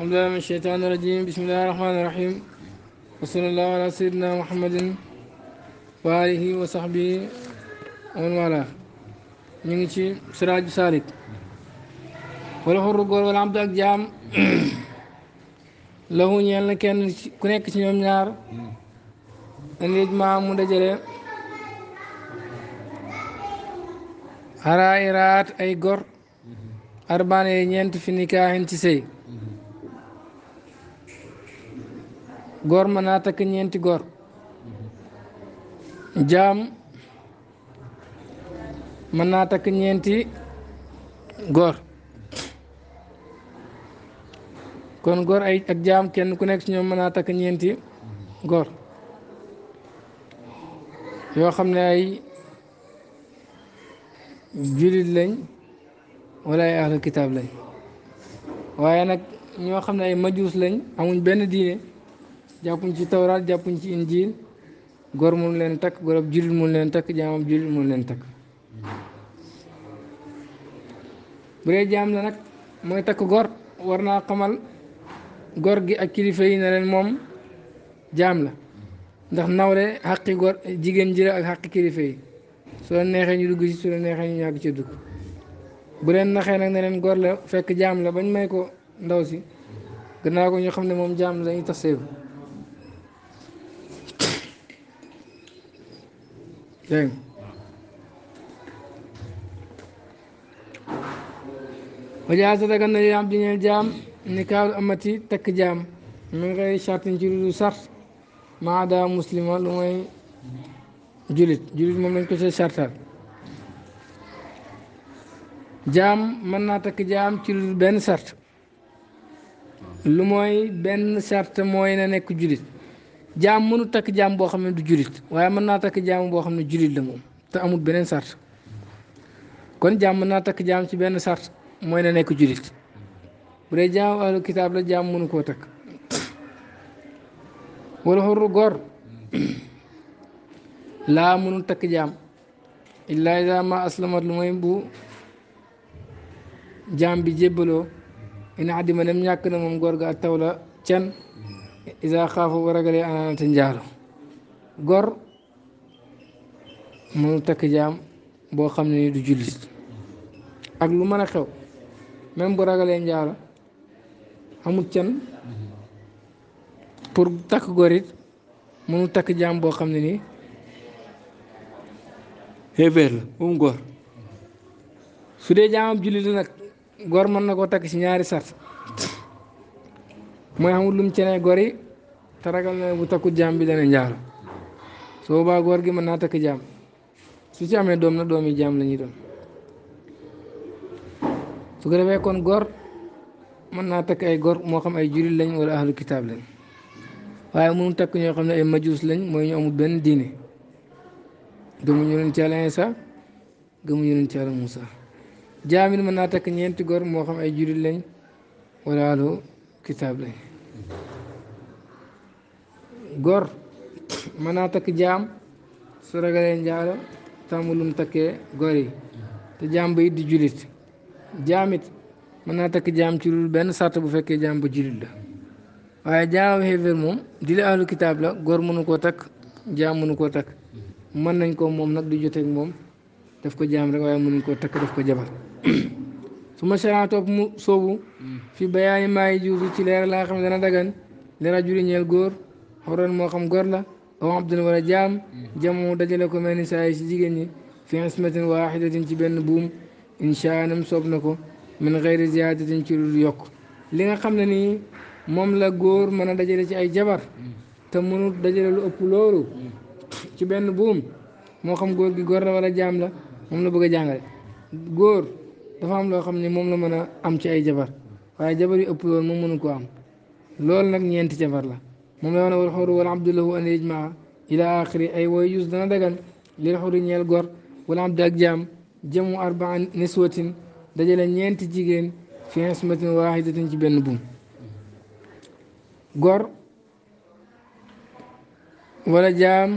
الحمد لله من الشيطان الرجيم بسم الله الرحمن الرحيم وصلى الله على سيدنا محمد وآله وصحبه ومن والاه نيجي سراج سارق ولو هو رجل ولا عبد الجام له نيال لكن كنيك سنيوم نار ان يجمع مدجره هراي رات اي غور اربان ينت في نكاح انت سي góor mën naa takk ñeenti góor jaam mën naa takk ñeenti góor kon góor ay jaam kenn ku nekk si ñoom mën naa takk ñeenti góor yoo xam ne ay julit lañ wala ay ahlu kitaab waaye nag ñoo xam ne ay majuus lañ amuñ benn diine jàppuñ ci tawraat jàppuñ ci injiil góor mun leen takk góor ab jullit mun leen takk jaamam jullit mun leen takk bu dee jaam la nag mooy takk gor war naa xamal góor gi ak kilifa yi ne leen moom jaam la ndax nawle xaqi góor jigéen ji ak xaqi kilifa yi su la neexee ñu dugg ci su la neexee ñu ñàkk ci dugg bu leen naxee nag ne leen gor la fekk jaam la bañ may ko ndaw si gannaaw ko ñu xam ne moom jaam la ñu tasee Dang. وجاءت ذاك النبي عبد الجام نكاح أمتي تكجام من غير شرط جلد صار ما عدا مسلم لمي جلد جلد ممن كسر شرط jaam mën naa takk jaam ci lu benn sart lu mooy benn sart mooy na nekk julit jaam mënu takk jaam boo xam ne du julit waaye mën naa takk jaam xam ne julit la moom te amul beneen sart kon jaam mën naa takk jaam ci benn sart mooy na nekk julit bu dee jaam ahlu la jaam mënu koo takk wala xorru góor laa mënul takk jaam illaa idaa ma aslamat lu mooy bu jaam bi jébbaloo ina addima dem ñàkk na moom gor ga ak taw la can isa xaafa bu ragalee anaanata njaalo gor mënu takk jaam boo xam ne ni du jullit ak lu mën a xew même bu ragalee njaalo amul can pour takk gor it mënu takk jaam boo xam ne ni xéeféer la moom gor su dee jaamam jullit la nag gor mën na koo takk ci ñaari sart mooy xamul lum mu cenee gori te ragal na bu takku jaam bi dana njaalu soo boobaa góor gi mën naa takk jaam su ci amee doom na doom yi jaam la doon su ko defee kon gor mën naa takk ay góor moo xam ay jullit lañ wala ahlu kitaab waaye mënu takk ñoo xam ne ay majuus lañ mooy ñu amul benn diine gëmuñu leen ci Yàlla Isa gëmuñu leen ci Yàlla mën naa takk ñeenti góor moo xam ay jullit lañ wala ahlu lañ gor mën naa takk jaam su ragalee njaalo tàmm lu takkee gor yi te jaam ba it di jullit jaamit mën naa takk jaam ci lu benn sart bu fekkee jaam ba jullit la waaye jaam xéeféer moom di la ahlu kitaab la gor mënu koo takk jaam mënu koo takk mën nañ koo moom nag di joteeg moom def ko jaam rek waaye mënuñ koo takk daf ko jabar su ma sharaa mu soobu mm. fi bayaani maa yi jiw ci leer laa xam ne dana dagan li rajuli ñeel góor xoroon moo xam góor la aw abdun wala jaam mm-hmm. jamu dajale ko mel ni saa yi si jigéen ñi fi ismatin waaxidatin ci benn buum insha nam soob na ko min xeyri ziyaadatin ci lu yokk li nga xam ne nii moom la góor mën a dajale ci ay jabar mm-hmm. te mënut dajale lu ëpp loolu mm-hmm. ci benn buum moo xam góor gi góor la wala jaam la moom la bëgg a jàngale góor dafa am loo xam ne moom la mën a am ci ay jabar waaye jabar yu ëpp loolu moom mënu ko am loolu nag ñeenti jabar la moom la woon wal xor wala abdu lahu an yajmaa ila axiri ay way yus dana dagan lil xori ñeel gor wala abdu ak jaam jëmu arbaa niswatin dajale ñeenti jigéen fi ismatin waahidatin ci benn buum gor wala jaam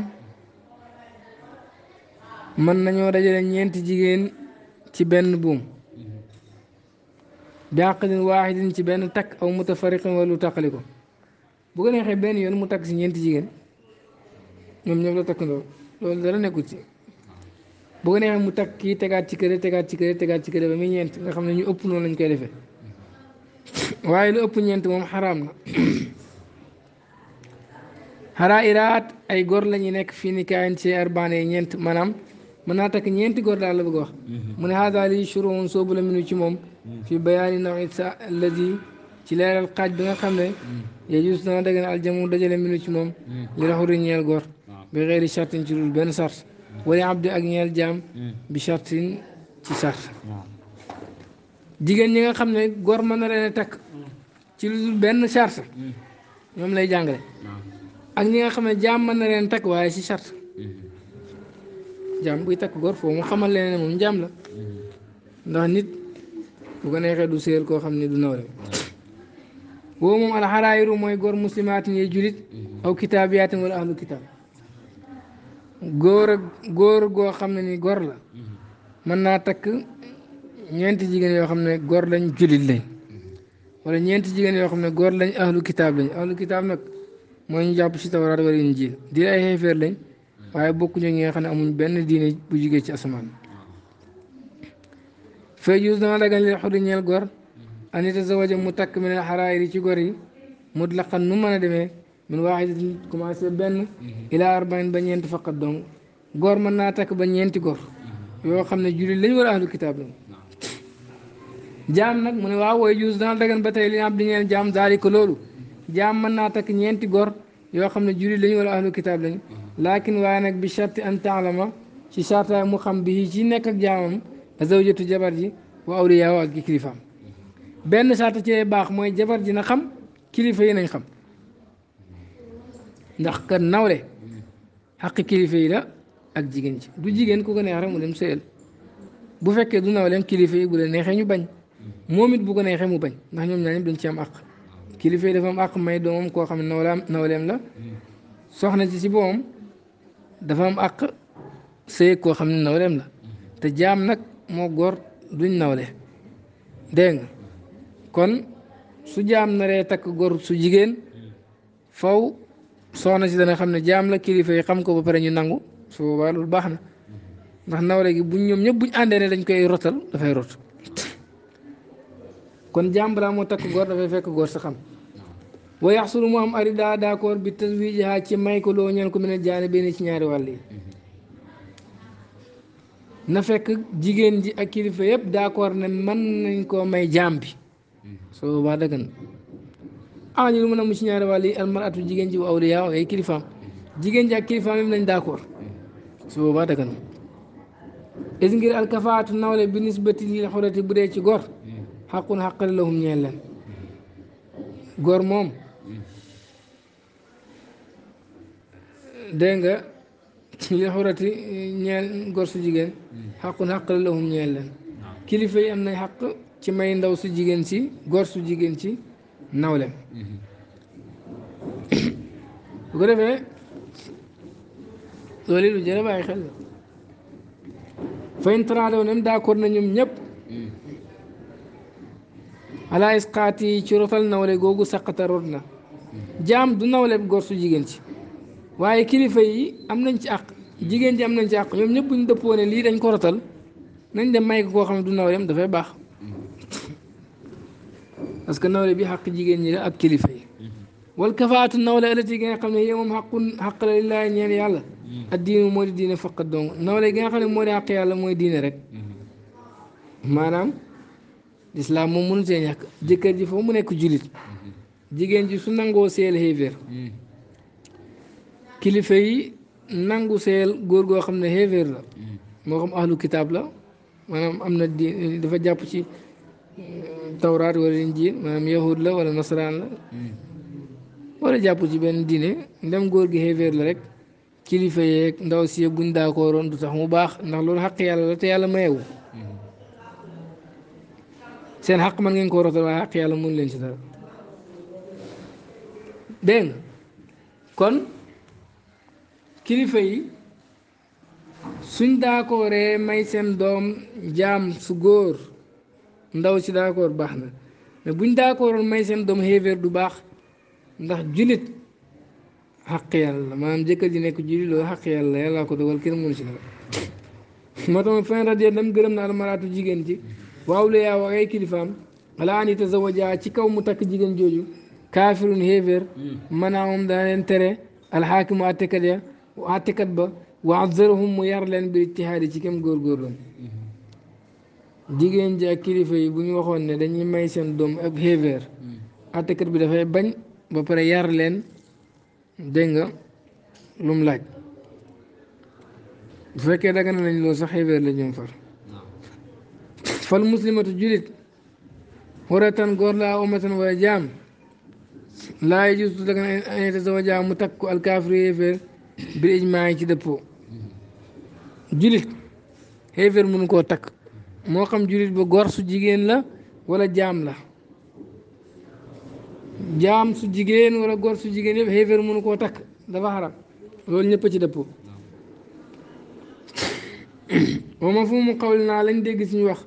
mën nañoo dajale ñeenti jigéen ci benn buum bi aqdin waahidin ci benn takk aw mutafariqin wala lu taqali ko bu ko neexee benn yoon mu takk ci ñeenti jigéen ñoom ñoom la takkandoo loolu dara nekkul ci bu ne neexee mu takk kii tegaat ci këre tegaat ci këre tegaat ci këre ba muy ñeent nga xam ne ñu ëpp noonu lañ koy defee waaye lu ëpp ñeent moom xaraam na xaraa iraat ay góor lañuy nekk fii ni kaayin ci arbaane yi ñeent maanaam mën naa takk ñeenti góor daal la bëgg wax mm-hmm. mu ne haada lii shuruun soobu la minu ci moom mm-hmm. fi bayaani nawit sa alladi ci leeral xaaj bi nga xam ne mm-hmm. yejus dana daggan aljamu dajale minu ci moom mm. li raxuri ñeel gor ah. bi xeeri chartin ci lu benn sart mm. wali abdi ak ñeel jaam mm. bi chartin ci sart ah. jigéen ñi nga xam ne gor mën na leen a takk ci lu benn charte ñoom lay jàngale ah. ak ñi nga xam ne jaam mën na leen takk waaye ci charte jaam buy takk gor foofu mu xamal leen moom jaam la ndax nit bu ko neexee du séer koo xam ne du nawle ومم الحرائر وما يقول مسلمات يجلد أو كتابيات ولا أهل الكتاب غور غور غو خمني غور لا من ناتك نينت جيغن يو خمني غور لا جلد لا ولا نينت جيغن يو خمني غور لا أهل الكتاب لا أهل الكتاب نك ما ينجاب شيء تورات ولا إنجيل دير أيه فير لا waye bokku ñu nga xamne amuñ benn diiné bu jugé ci asman fa yuzna la anita zawaja mu takk min al xaraayir ci gor yi mutlaqan nu mën a demee min waaxidatin commencé benn ila arbain ba ñeenti faqat donc góor mën naa takk ba ñeenti gor yoo xam ne jullit lañ war a ahlu kitaab la jaam nag mu ne waaw wooy juus dana dagan ba tey li ab di ngeen jaam zaalika loolu jaam mën naa takk ñeenti góor yoo xam ne jullit lañu wala ahlu kitaab lañ laakin waaye nag bi sharti an taalama ci shartaay mu xam bi ci nekk ak jaamam azawjatu jabar ji wa awliyaaw ak kilifaam benn saata ci baax mooy jabar ji na xam kilifa yi nañ xam ndax kan nawle xaqi kilifa yi la ak jigéen ci du jigéen ku ko neex rek mu dem sëyal bu fekkee du nawleem kilifa yi bu la neexee ñu bañ moom it bu ko neexee mu bañ ndax ñoom ñaar duñ ci am àq kilifa yi dafa am àq may doom koo xam ne nawlaam nawleem la soxna ci si boom dafa am àq sëy koo xam ne nawleem la te jaam nag moo góor duñ nawle dégg nga kon su na re tak gor su jigen faw soona ci dana xamne jam la kilifa yi xam ko ba pare ñu nangu su ba lu baxna ndax nawle gi bu ñom ñëpp buñ àndee ne dañ koy rotal fay rot kon bra mo tak gor da fay fekk gor sa xam wa yahsulu mu am arida d'accord bi taswijiha ci may ko lo ñal ko mën a ben ci ñaari walli na fekk jigen ji ak kilifa yeb d'accord ne man nañ ko may jam bi soo boobaa dagan ah ñu mën a mu ci ñaari wàll yi almaratu jigéen ji wa awliyaa ay kilifaam jigéen ji ak kilifaam yi nañ d'accord su boobaa dagan is ngir alkafaatu nawle bi nisbati lil xurati bu dee ci góor xaqun xaqal lahum ñeel leen góor moom nga lil xurati kilifa yi am nañ xaq ci may ndaw su jigéen ci góor su jigéen ci nawle bu ko defee loolu lu jërë bàyyi xel la fayn tradaw nem d'accord na ñoom ñëpp ala yi ci rotal nawle googu saqata rot na jaam du nawle góor jigéen ci waaye kilifa yi am nañ ci àq jigéen ji am nañ ci àq ñoom ñëpp bu ñu dëppoo lii dañ ko rotal nañ dem may ko xam ne du nawleem dafay baax اسكن نولي بي حق جيغي ني اك كليفه والكفاءه النولا التي جاي قال هي مم حق حق لله ني يعني يالا الدين مول دين فقط دون نولا جاي قال مول حق يالا مول دين رك مانام الاسلام مو من زين ياك ديكر دي فو مو نيكو جوليت جيغي جي سونانغو سيل هيفر كليفه يي نانغو سيل غور غو خامني هيفر مو خم اهل الكتاب لا مانام امنا دين دفا جاب سي tawraat wala injiil maanaam yahud la wala nasaraan la wala jàpp ci benn diine ndem góor gi xeefeer la rek kilifa yeeg ndaw si buñ daakooroon du tax mu baax ndax loolu yàlla la te yàlla ngeen ko rotal waaye xaq yàlla mun leen ci dara dégg kon kilifa yi suñ daakooree may seen doom jaam su góor ndaw si d'accord baax na mais buñ d'accordoon may seen doom xéeféer du baax ndax julit xaq yàlla maanaam jëkkër ji nekk julit loolu xaq yàlla yàllaa ko dogal kenn mënu si dara moo tax fin rajo dam gërëm naa la maraatu jigéen ci waaw la yaa wax kilifaam ala an yatazawaja ci kaw mu takk jigéen jooju kaafirun xéeféer manaamam hmm. dana leen tere alxaakimu attekat ya attekat ba wa azzarahum mu yar leen bi ijtihaadi ci kem góorgóorloon hmm. jigéen ji ak kilifa yi bu ñu waxoon ne dañuy may seen doom ak xéeféer àttekat mm. bi dafay bañ ba pare yar leen dégg nga lum laaj bu fekkee daga nañ loolu sax xéeféer la ñoom far fal muslimatu julit waratan góor laa omatan wala jaam laa justu daga aneta sama jaam mu takku alkaafiri xéeféer maa ngi ci dëppoo mm. julit xéeféer mënu koo takk moo xam jurit ba gor su jigéen la wala jaam la jaam su jigéen wala gor su jigéen yëpp xéeféer mënu koo takk dafa xaram loolu ñëpp ci dëppoo moom ma fu mu xawli naa lañ dégg suñu wax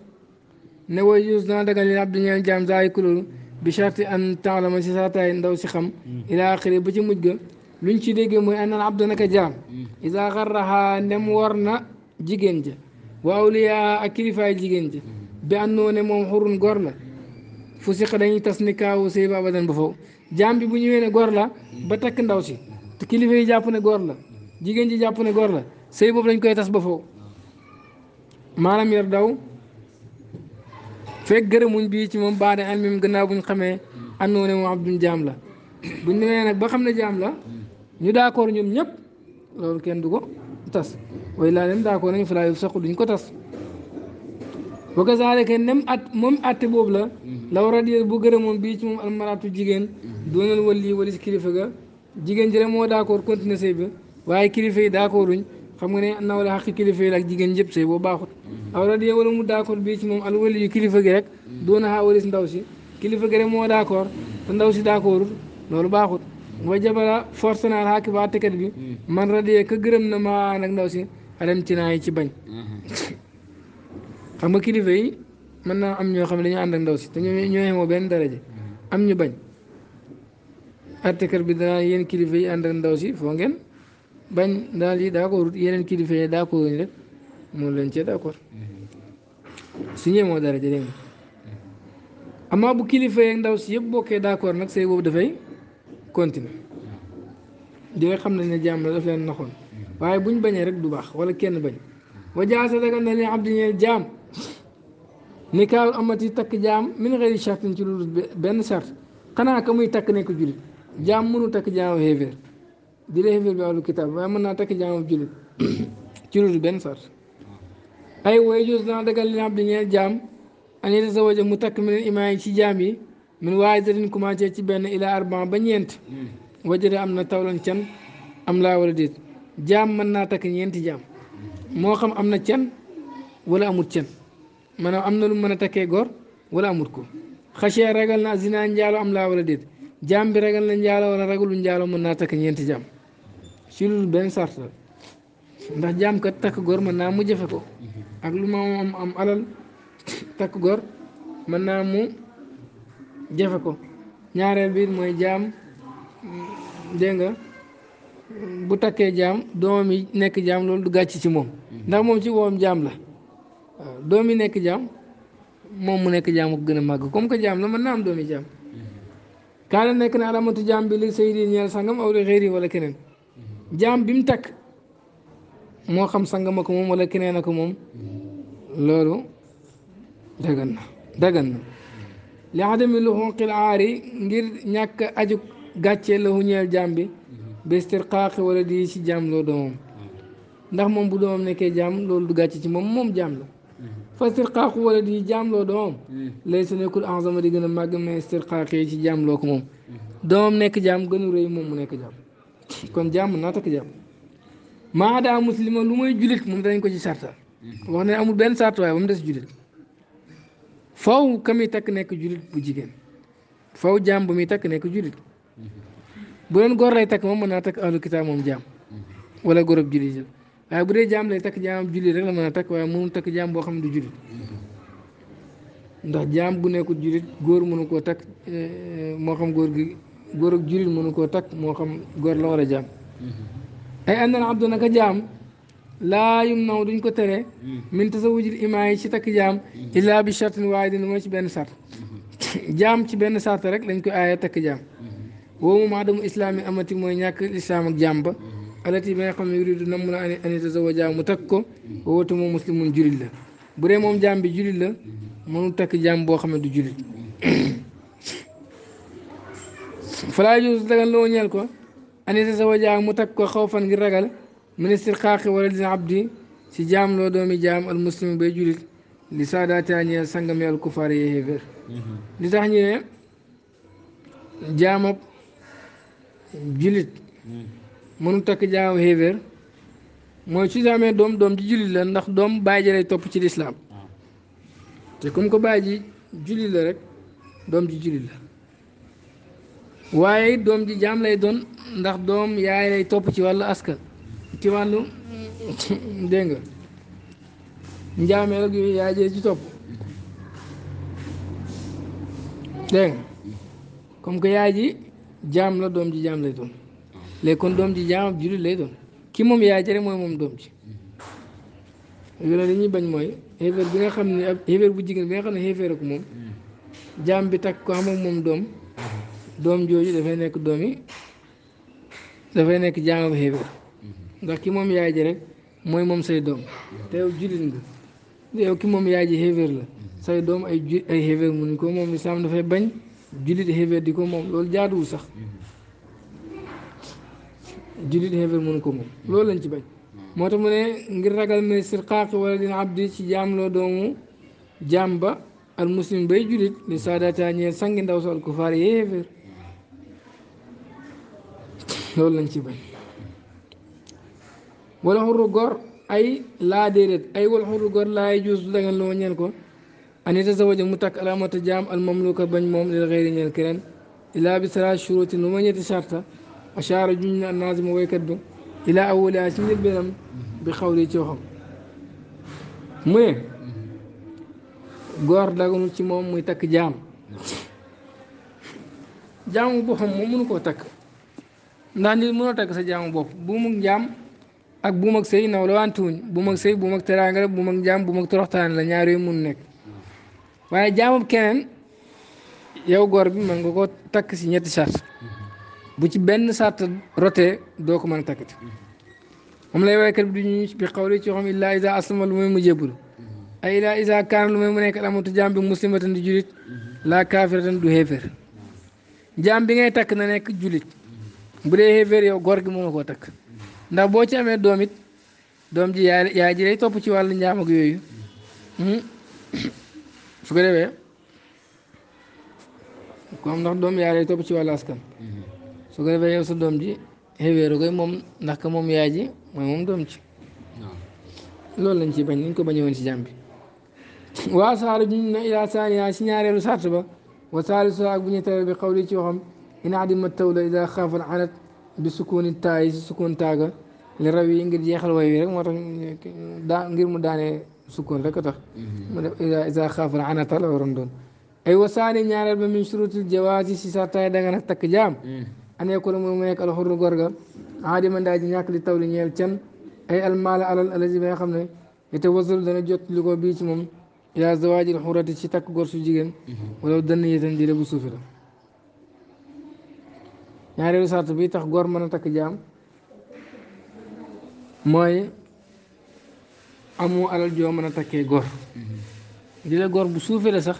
ne woy yus dana dagal li ab di ñeel jaam saa kuloolu bi charti an temps la ma si saataay ndaw si xam mm. ilaa axiri ba ci mujj ga luñ ci déggee mooy an naan ab danaka jaam mm. isa xarraxaa ndem war na jigéen ja waaw li ak kilifaay jigéen ji bi àndoo ne moom xurun gor la fu siq dañuy tas ni kaawu sëy ba abadan ba foofu jaam bi bu ñëwee ne gor la ba takk ndaw si te kilifa yi jàpp ne gor la jigéen ji jàpp ne gor la sëy boobu dañ koy tas ba foofu maanaam yor daw fekk gërëmuñ bii ci moom baane an mim gannaaw buñ xamee àndoo ne moom abdun jaam la buñ demee nag ba xam ne jaam la ñu d'accord ñoom ñëpp loolu kenn du ko tas way laa leen daa ko nañ falaa yuf saqu duñ ko tas wa kazalika nem at atte boobu la law radiyat bu gërëmoon bii ci moom almaratu jigéen doonal wali walis kilifa ga jigéen ji rek moo d'accord continuer sëy bi waaye kilifa yi d'accord uñ xam nga ne na wala xaqi kilifa yi ak jigéen jëpp sëy boo baaxut aw radiya wala mu d'accord bii moom al wali kilifa gi rek doona xaa walis ndaw si kilifa ga rek moo d'accord te ndaw si d'accordul loolu baaxut wajabala forcé na alxaakim àttekat bi hmm. man radiya ka gërëm na ma nag ndaw si alam ci naa yi ci bañ hmm. xam nga kilifa yi mën naa am ñoo xam ne dañoo ndaw si te ñoo ñoo yemoo hmm. ñu bañ bi danaa yéen kilifa yi ànd ak ndaw si foo ngeen bañ daal kilifa lañ cee d'accord su amaa bu kilifa ndaw si yëpp bokkee d'accord nag say boobu dafay continue di nga xam ne ne jaam la daf leen naxoon waaye buñ bañee rek du baax wala kenn bañ wa jaasa dagan na li abdi ñeel jaam ni kaaw amati takk jaam min xëyri chartin ci lu benn charte xanaa ka muy takk nekk julit jaam mënu takk jaamu xéeféer di la xéeféer bi wàllu kitaab waaye mën naa takk jaamu julit ci lu benn charte ay woy jus dana dagal li abdi ñeel jaam ani sa waja mu takk min imaam yi ci jaam yi min waaye dañu commencé ci benn ila arban ba ñeent hmm. wajëre am na tawlan can am laa wala déet jaam mën naa takk ñeenti jaam moo xam am na can wala amut can maanaam am na lu mën a takkee gor wala amut ko xasee ragal na zinaa njaalo am laa wala déet jaam bi ragal na njaalo wala ragalu njaalo mën naa takk ñeenti jaam si loolu benn sart ndax jaam kat takk góor mën naa mu jëfe ko hmm. ak lu ma am alal takk góor mën naa jëfe ko ñaareel bi mooy jaam dégg nga bu takkee jaam doomam yi nekk jaam loolu du gàcc ci moom ndax moom ci woom jaam la waaw doom yi nekk jaam moom mu nekk jaam ko gën a màgg comme que jaam la mën naa am doomi jaam kaana nekk na alamatu jaam bi li say di sangam aw li xëyri wala keneen jaam bi mu takk moo xam sangama ko moom walla keneen a ko moom loolu dagan na dagan na li adami lu xonqil aari ngir ñàkk aju gàcce la hu ñeel jaam bi bestir wala di ci jaam loo doomam ndax moom bu doomam nekkee jaam loolu du gàcce ci moom moom jàmb la fastir xaaxu wala di jaam loo doomam lay su nekkul enzama di gën a màgg mais stir yi ci jaam ko moom doomam nekk jaam gënu rëy moom mu nekk jaam kon jaam mën naa takk maa daa muslima lu may julit moom danañ ko ci sarta wax ne amul benn sart waaye ba mu des julit faw ka muy takk nekk jullit bu jigéen faw jaam bu muy takk nekk jullit bu doon góor lay takk moom mën naa takk ahlu kitaab moom jaam wala góorab jullit jël waaye bu dee jaam lay takk jaamam jullit rek la mën a takk waaye mënul takk jaam boo xam ne du jullit ndax jaam bu nekkul jullit góor mënu koo takk eh, moo xam góor gi góor ak jullit mënu koo takk moo xam góor la war a jaam mm-hmm. ay àndal abdu naka jaam laa yum naw duñ ko tere mm-hmm. min tasawujil imaay ci takk jaam mm-hmm. illaa bi shartin waaye dina mooy ci benn sart mm-hmm. jaam ci benn sart rek lañ koy aaye takk jaam woo moom adamu islaami amati mooy ñàkk islaam ak jaam ba alati bi nga xam ne yuridu namm la ani ani mu takk ko wowatu moom muslimun julit la bu moom jaam bi julit la mënu takk jaam boo xam ne du julit falaa yus dagan loo ñeel ko ani tazawaja mu takk ko xaw fan ragal min istirqaaqi waladil abdi si jaam loo doomi jaam al muslim bay julit li saadaata ñeel sangam yàlla kufaar yee xéeféer li tax ñu ne jaamab julit mënu takk jaamab xéeféer mooy su amee doom doom ji julit la ndax doom baay ji lay topp ci lislaam te comme que baay ji julit la rek doom ji julit la waaye doom ji jaam lay doon ndax doom yaay lay topp ci wàllu askan kiwàllu dégg nga njaameel ak yooyu yaay jee ci topp dégg nga comme que yaay ji jaam la doom ji jaam lay doon léegi kon doom ji jaam ab jullit lay doon ki moom yaay ji rek mooy moom doom ji yooyu li ñuy bañ mooy xéeféer bi nga xam ne ab xéeféer bu jigéen bi nga xam ne xéeféer ak moom jaam bi takk ko am ak moom doom doom jooju dafay nekk doom yi dafay nekk jaam ab xéeféer ndax ki moom yaay ji rek mooy moom say doom te yow jullit nga yow ki moom yaay ji xéeféer la say doom ay ju ay xéeféer mënuñ ko moom lislaam bañ jullit xéeféer di ko moom loolu jaaduwul sax jullit xéeféer mënu ko moom loolu lañ ci bañ moo tax mu ne ngir ragal ma sirqaaq wala dina abdi ci jaamloo doomu jaam ba al muslim bay jullit li saadaata ñeel sangi ndaw sa al kufaar yéeféer loolu lañ ci bañ ولهم رجور أي لا ديرت أي ولهم رجور لا يجوز لك أن لون يلكو أن يتزوج متك على متجام المملوكة بن مم للغير يلكرن إلى بسرعة شروط نومانية شرطة أشار جنة النازم ويكدو إلى أول أسنى بنم بخوري توهم مي غور داغون سي موم موي تاك جام جام بوخم مومنو كو تاك ناندي مونو تاك سا جام بوب بومو جام ak buum ak sëy naw la wantuwuñ buum la buum ak jaam buum ak la ñaar mun nekk waaye jaamub keneen yow góor bi mën ko takk ci ñett sart bu ci benn sart rotee doo man mën a takkati moom lay waykat bi du ñu bi xawli ci xam illaa isa aslama lu mooy mu jébbul ay illaa isa kaana lu mu nekk amatu jaam bi muslimatan di julit laa kaafiratan du xéeféer jaam bi ngay takk na nekk julit bu dee xéeféer yow góor gi mënoo koo takk ndax boo ci amee doomit doom ji yaay yaay ji lay topp ci wàllu njaam ak yooyu hmm? su ko defee comme ndax doom yaay lay topp ci wàllu askan hmm. su ko defee yow sa doom ji xeweeru koy moom ndax ka moom yaay ji mooy moom doom ci loolu lañ ci bañ niñ ko bañe woon ci jàmm bi waa saaru ñu ne ilaa saaniya si ñaareelu sart ba wa saalisu ak bu ñetteel bi xawli ci waxam in adima tawla ida xaafal anat bi sukkooni taa yi si sukkoon taaga li raw yi ngir jeexal way rek moo tax ngir mu daanee sukkoon rek a tax mhm. mu def isa xaafal anata la waroon doon ay wasaani ñaareel ba min surutul jawaaz yi si sartaay da nga nag takk jaam mhm. aneeko la mooy gorga aadima ndaa ji ñàkk li taw li ñeel can ay almaala alal alazi ba nga xam ne ite wasul dana jot li ko bii ci moom yaa zawaajil xurati ci takk gor su jigéen mhm. wala dann yitan bu suufi la ñaareelu sart bi tax góor mën a takk jaam mooy amoo alal joo mën a takkee gor mhm. di la góor bu suufee la sax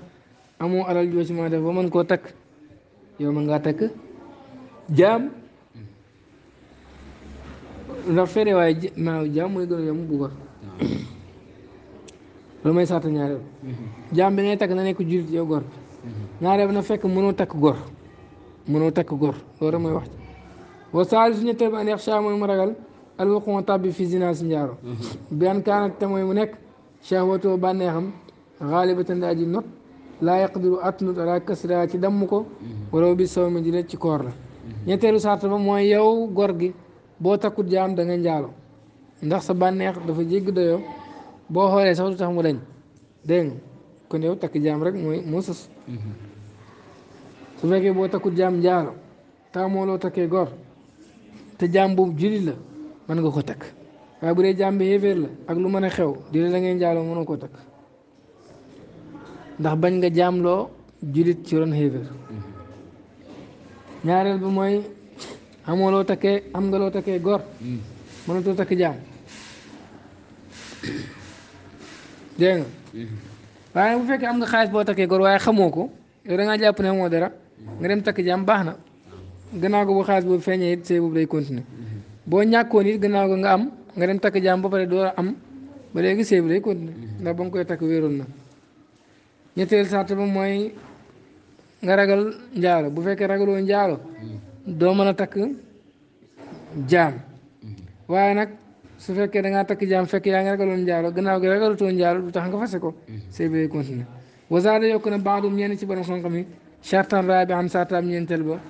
amoo alal joo ci ma def ba mën koo takk yow mën ngaa takk jaam mhm. ndax fere waaye naaw jaam mooy gën a yomb bu góor ah. loolu mooy sart ñaareel mhm. jaam bi ngay takk na nekk jullit yow góor bi ñaareel na fekk mënoo takk gor mënoo takk góor loolu mooy wax wa saalis ñetteel bi an yaxsha mooy mu ragal alwaquma tàbbi fi zina si njaaro mhm. bi an kaanat te mu nekk shahwatu bànneexam xaalibatan daa ji not laa yaqdiru atnut ala kasra ci damm ko mhm. wala bi saw mi di ci koor la mhm. ñetteelu sart ba mooy yow gor gi boo takkut jaam da nga njaalo ndax sa bànneex dafa jégg doyoo boo xoolee sax du tax mu dañ dégg kon yow takk jaam rek mooy moo sës su fekkee boo takkut jaam njaalo taamoo loo takkee gor te jaam boobu jullit la mën nga ko takk waaye bu dee jaam bi yéeféer la ak lu mën a xew di la ngeen njaaloo mënoo koo takk ndax bañ nga jaamloo jullit ci ron xéeféer bi mooy amoo loo am nga loo takkee gor mënatoo takk jaam dégg nga mm-hmm. waaye bu fekkee am nga xaalis boo takkee gor waaye xamoo ko yow da jàpp ne moo dara nga dem takk jaam baax na gannaaw ga bu xaalis boobu feeñee it sëy boobu day continuer boo ñàkkoon it ganaaw ga nga am nga dem takk jaam ba pare door a am ba léegi sëy bi day continuer ndax nga koy takk wéeroon na ñetteel sart ba mooy nga ragal njaalo bu fekkee ragaloo njaalo doo mën a takk jaam waaye nag su fekkee da ngaa takk jaam fekk yaa ngi ragaloon njaalo gannaaw gi ragalatoo njaalo du tax nga fase ko mm-hmm. sëy bi day continuer wasaada yokk na baadum ñenn ci borom xam-xam yi chartan rabi am sartaam ñeenteel ba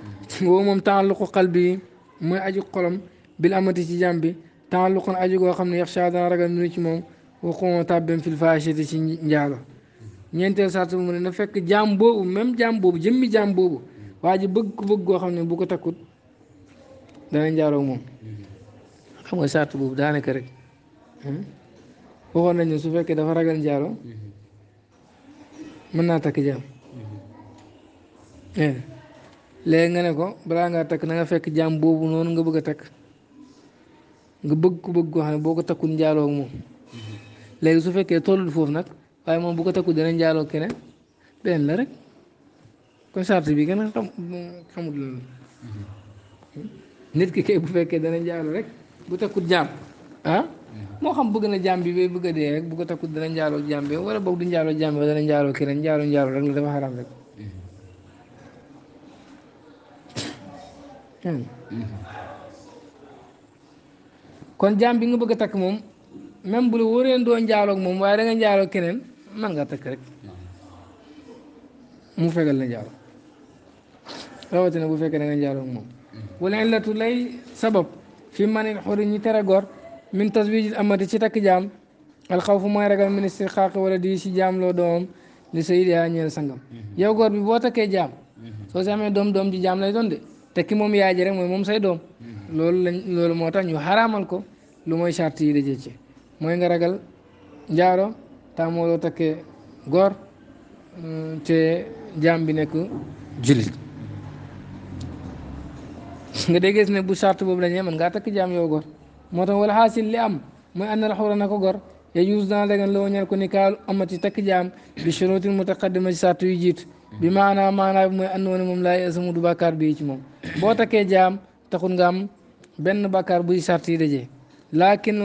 woowu moom taalluqu xal bi mooy aju xolam bil amati ci jàmm bi taalluqun aju goo xam ne yax cha dana ragal minu ci moom waxuma tàbbeem fil faachati ci njaalo ñeenteel sart bu mu na fekk jaam boobu même jaam boobu jëmmi jaam boobu waa ji bëgg bëgg goo xam ne bu ko takkut dana njaaloo moom xam nga sart boobu daanaka rek hmm? waxoon nañu su fekkee dafa ragal njaalo naa takk jaam dégg nga léegi nga ne ko balaa ngaa takk na nga fekk jaam boobu noonu nga bëgg a takk nga bëgg ko bëgg koo xam ne boo ko takkul njaaloo moom mm-hmm. léegi su fekkee tollul foofu nag waaye moom bu ko takkul dana njaaloo keneen benn la rek kon charte bi gën a xam xamut loolu mm-hmm. nit ki kay bu fekkee dana njaaloo rek bu takkul jaam ah mm-hmm. moo xam bëgg na jaam bi bay bëgg a dee rek bu ko dana njaaloo jaam bi wala boog du njaaloo jaam bi dana njaaloo keneen njaaloo njaaloo rek la dafa xaram rek Mm-hmm. kon jaam bi nga bëgg a takk moom même bu la wóoree doo moom waaye da nga njaaloog keneen man nga takk rek mu fegal la njaalo rawatina bu fekkee da nga njaaloog moom mm-hmm. wala illatu lay sabab fi manil xuri ñi tere gor min taswijil amati ci takk jaam alxawfu mooy ragal ministre xaaqi wala di si jaam loo doomam li sayid yaa sangam mm-hmm. yow gor bi boo takkee jaam soo si amee doom doom ji jaam lay doon te ki moom yaay ji rek mooy moom say doom loolu lañ loolu moo tax ñu xaraamal ko lu mooy charte yi dajee ci mooy nga ragal njaaro taamoo loo takkee góor mm, te jaam bi nekk jullit nga déggee ne bu charte boobu la man mën ngaa takk jaam yow góor moo tax wala xaasil li am mooy àndal xawra na ko gor ya yuus dana dagan loo ñal ko ni kaa amati takk jaam bi shurutin mutaqaddima ci charte yu jiitu bi maanaam maanaam mooy àndoon moom laay asamu du bàkkaar bii ci moom boo takkee jaam taxul nga am benn bàkkaar buy sart yi dajee laakin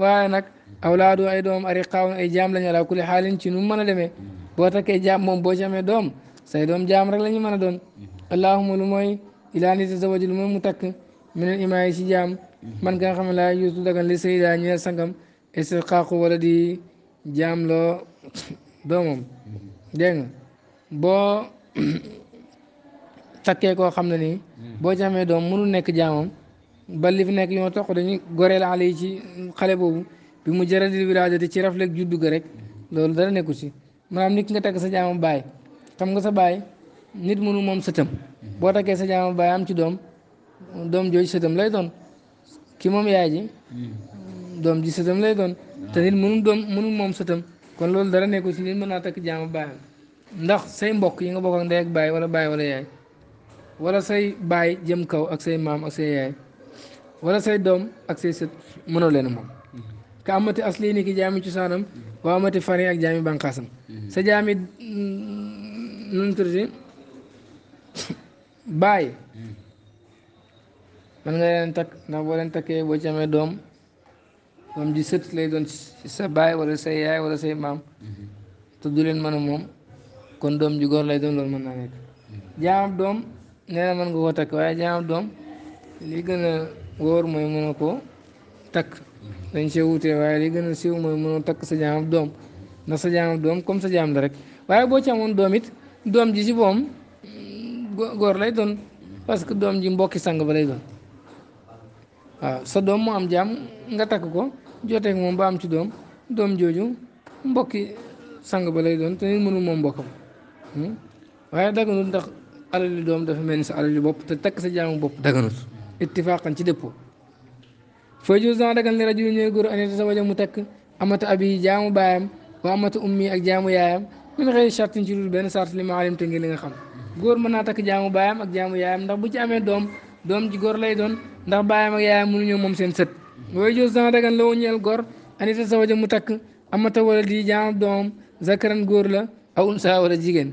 waaye nag awlaadu ay doom ari xaawoon ay jaam lañu ala kulli xaalin ci nu mën a demee boo takkee jaam moom boo ci doom say doom jaam rek la mën a doon allahuma lu mooy ilaa ni tazawaja lu mooy mu takk minel imaa yi ci jaam man ka nga xam ne laa yuutu dagan li sayda ñeel sangam istiqaaqu wala di jaam loo doomam dégg boo takkee koo xam ne ni hmm. boo ci doom mënul nekk jaamam ba li fi nekk yoo toq dañuy goreel xale yi ci xale boobu bi mu jëradil wilaadati ci rafleg juddu ga rek loolu dara nekku ci maanaam nit ki nga takk sa jaamam baay xam nga sa baay nit mënu moom sëtëm hmm. boo takkee sa jaamam baay am ci doom doom jooju sëtam lay doon ki moom yaay ji hmm. doom ji sëtam lay doon te ah. nit mënu doom mënu moom sëtam kon loolu dara nekku ci nit mën naa takk jaamam baayam ndax say mbokk yi nga bokk ak ndey ak baay wala baay wala yaay wala say baay jëm kaw ak say maam ak say yaay wala say doom ak say sët mënoo leen moom ka amati asli ni ki jaami cosaanam waa amati fari ak jaami bànqaasam mhm. sa jaami mm, nun tudd baay man mhm. nga leen takk ndax boo leen takkee boo ci amee doom doom ji sët lay doon sa baay wala say yaay wala say maam mhm. te du leen mën a moom kon doom ju gor lay doon lol man na nekk jam dom doom nee na mën nga koo takk doom li gëna wor moy mooy mën tak dañ ci wuté way li gëna siw moy mooy tak sa jam dom doom sa jam dom doom comme sa jam la rek waye bo ci amon doom it doom ji ci bom mm, gor lay doon parce que doom ji mbokki sang ba lay don ah sa doom mo am jam nga tak ko joteek moom ba am ci doom doom joju mbokki sang ba lay doon te mënu mënul mbokam Hmm? waaye daganut ndax alali doom dafa mel ni sa alali bopp te takk sa jaamu bopp daganut ittifaaqan ci dëppoo fooy jur sax dagan ne rajul ñooy góor anet sa waja mu takk amata abi jaamu baayam wa amata ummi ak jaamu yaayam min xëy ci benn sart li ma alim te ngir li mën naa takk jaamu baayam ak jaamu yaayam ndax bu ci amee doom doom góor lay doon ndax baayam ak yaayam mënuñoo moom seen sët wooy jur sax la woon ñeel sa waja mu takk amata wala di jaamu doomam zakaran góor la aw war a jigéen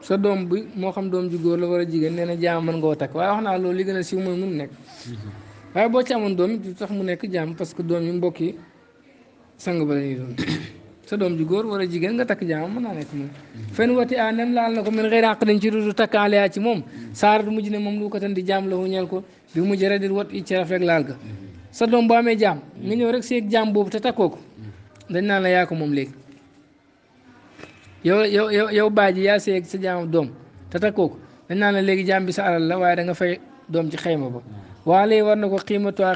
sa doom bi moo xam doom ju góor la wala jigéen nee na jaam mën nga ko takk waaye wax naa loolu li gën a siiw mooy mun nekk waaye boo ci amoon doom it du tax mu nekk jaam parce que doom yi mbokk yi sang ba la doon sa doom ju góor wala jigéen nga takk jaamam mën naa nekk moom fen wati a nem laal na ko min xëy àq dañ ci dudu takk alaya ci moom saara du mujj ne moom lu ko di jaam la wu ñeel ko bi mujj rek di wat i ci laal ga sa doom bu amee jaam nga ñëw rek seeg jaam boobu te takkoo ko dañ naan la yaa ko moom léegi yow yow yow baaji yaa seeg sa jaam doom te takkoo ko dañ naan la léegi jaam bi sa alal la waaye da nga fay doom ci xayma ba waale war na ko xiimatu a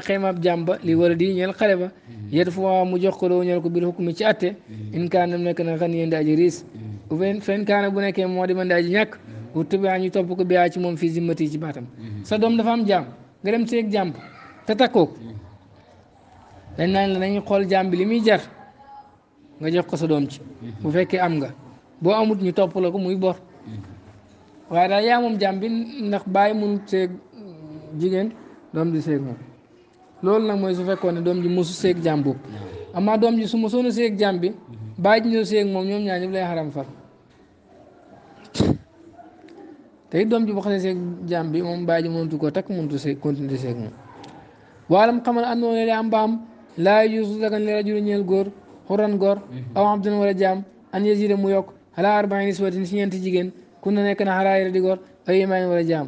di ñeel xale ba yet fu mu jox ko loo ñeel ko bil hukmi ci atte in kaana nekk na xan yéen di aji riis bu nekkee moo di mën di aji ñàkk wurtu bi ko bi ci moom fii sa doom dafa am nga dem seeg jaam te takkoo ko dañ naan la nañu xool jaam bi li muy jar nga jox ko sa doom ci bu fekkee am nga boo amut ñu topp la ko muy bor ndax bàyyi mënut seeg jigéen doom di seeg moom loolu nag mooy su fekkoon ne doom ji mosu seeg jaam boobu amaa doom ji su mosoon a seeg jaam bi bàyyi ji ñëw seeg moom ñoom ñaar ñëpp lay xaram far te it doom ji boo xam ne seeg jaam bi moom bàyyi ji mënatu ko takk mënatu seeg continuer seeg moom waalam xamal andoona le am mbaam laa yusu dagan li rajulu ñeel góor xuran góor aw abdan wala jaam an yasida mu yokk xalaa arbain niswatin si ñeenti jigéen kun na nekk na xalaa yara di góor ay imaan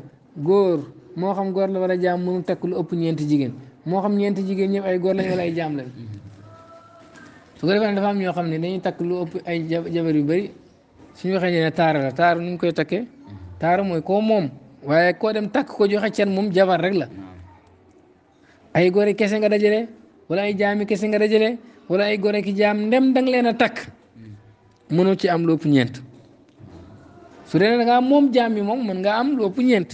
moo xam góor la wala jaam mënu takk lu ëpp ñeenti jigéen moo xam ñeenti jigéen ñëpp ay góor lañ wala ay jaam lañ su ko defee dafa am ñoo xam ne dañuy takk lu ëpp ay jabar yu bëri suñu waxee ne taara la taara nu koy takkee taara mooy koo moom waaye koo dem takk ko joxe cen moom jabar rek la ay kese nga dajale wala ay jaami kese nga dajale wala ay góor ki jaam ndem danga leen a takk hmm. mënoo ci am lu ëpp ñeent su dee da ngaa moom jaam mi moom mën nga am lu ëpp ñeent.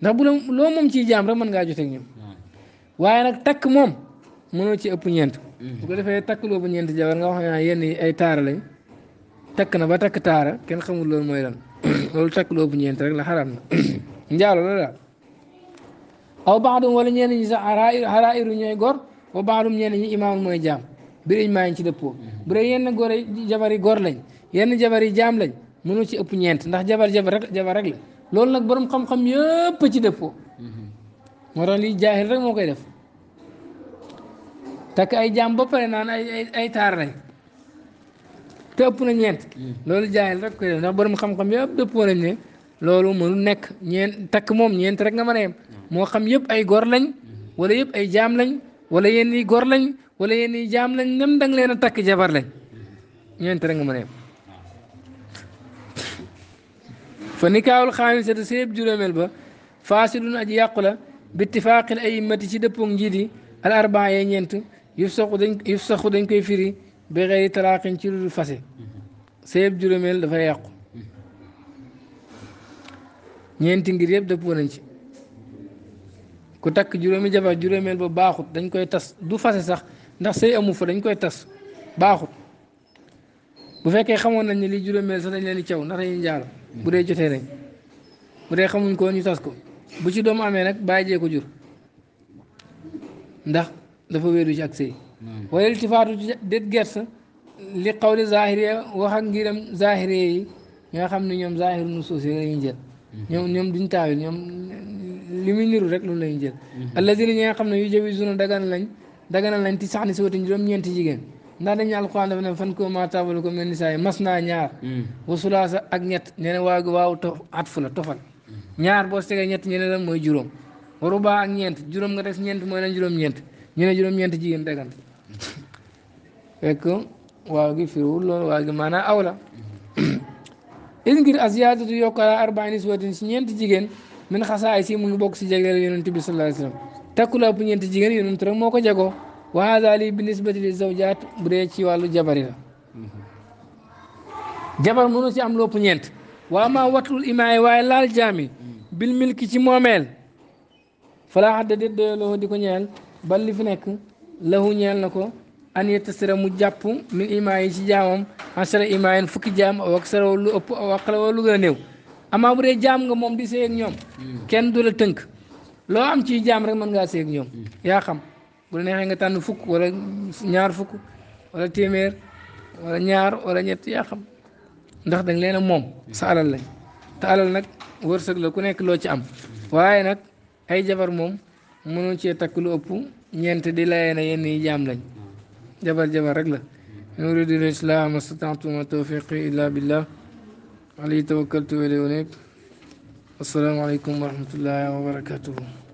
ndax bu loo loo moom ciy jaam rek mën ngaa joteeg ñoom waaye nag takk moom mënoo ci ëpp ñeent. Mm-hmm. bu ko defee takk loo ba ñeent jabar nga wax yenn yi ay taara lañ takk na ba takk taara kenn xamul loolu mooy lan loolu takk loo ba rek la xaraam la daal. aw baaxdum wala ñenn ñi sax xaraayiru ñooy gor wa baaxdum ñenn ñi imaamul mooy jaam biir maa yi ci dëppoo mm-hmm. bu dee yenn góor jabar yi gor lañ yenn jabar yi jaam lañ mënoo ci ëpp ñeent ndax jabar jabar rek jabar rek loolu nag borom xam-xam yëpp ci dëppoo moo tax lii jaahil rek moo koy def takk ay jaam ba pare naan ay ay taar lañ te na ñeent loolu jaahil rek koy def ndax borom xam-xam yëpp dëppoo nañ ne loolu mënu nekk ñeent takk moom ñeent rek nga mën a yem moo xam yëpp ay gor lañ wala yëpp ay jaam lañ wala yenn yi gor lañ wala yenn yi jaam lañ nem da nga leen a takk jabar lañ ñeent rek nga mën a yem fa nikaawul xaamisata séeb juróomeel ba faasidun aji yàqu la bi ittifaaqil ay immati ci dëppoog njiit yi al arbaa yee ñeent yuf saxu dañ dañ koy firi bi xëyri talaaqin ci lu fase séeb juróomeel dafay yàqu ñeenti ngir yëpp dëppoo nañ ci ku takk juróomi jabar juróomeel ba baaxut dañ koy tas du fase sax ndax sëy amu fa dañ koy tas baaxut bu fekkee xamoon nañ ne li juróomeel sax añ leen di caw ndax dañuy njaalo bu dee jotee nañ bu dee xamuñ ko ñu tas ko bu ci doom amee nag bàyyi jee ko jur ndax dafa wéeru ci ak sëy hmm. wala ci faatu déet gerte li xawli zahiri wax ak ngiram zahiri yi nga xam ne ñoom zahir nu suus yi lañuy jël hmm. ñoom ñoom duñ taawil ñoom li muy niru rek loolu lañuy jël hmm. alladina ñi xam ne yu jawi zuna dagan lañ daganal lañ ti sax ni si watiñ juróom ñeenti jigéen ndax dañu alquran dafa ne fan ko a taabal ko mel ni saa mas naa ñaar mm. wa ak ñett ñu ne waagu waaw to tofal mm. ñaar boo tegee ñett ñu ne mooy juróom wa rubaa ak ñeent juróom nga def ñeent mooy lan juróom-ñeent juróom-ñeent jigéen dagant fekk waaw gi firiwul loolu waaw gi maanaam aw mm. is ngir asiyaadatu yokk ala arbaa niswatin si ñeent jigéen min xasaay si mu ngi bokk si jagleel yonent bi sallallahu alayhi wa sallam takku la ñeent jigéen yonent moo ko jagoo wa hada lii bi nisbati zawjaat bu dee ci wàllu jabari la jabar mënu si am lopp ñeent waa maa watul imaay waaye laal jaami bil milki ci moomeel falaa xadda déet doyo di ko ñeel bal li fi nekk lahu ñeel na ko an yettasira mu jàpp min imaay ci jaamam asara imaayin fukki jaam aw ak sara lu ëpp aw aqala bu dee jaam nga moom di sëy ak ñoom hmm. kenn du la tënk loo am ci jaam rek mën ngaa sëy ñoom hmm. yaa xam bu ne neexee nga tànn fukk wala ñaar fukk wala téeméer wala ñaar wala ñett yaa xam ndax dañ leen a moom sa alal lañ nag wërsëg la ku nekk loo ci am waaye nag ay jabar moom mënoo cee takk lu ëpp ñeent di layee na yenn yi jaam lañ jabar jabar rek la in uridu illa islaaha mastata'tu ma tawfiqi illa billah alayhi tawakkaltu wa ilayhi unib wa rahmatullahi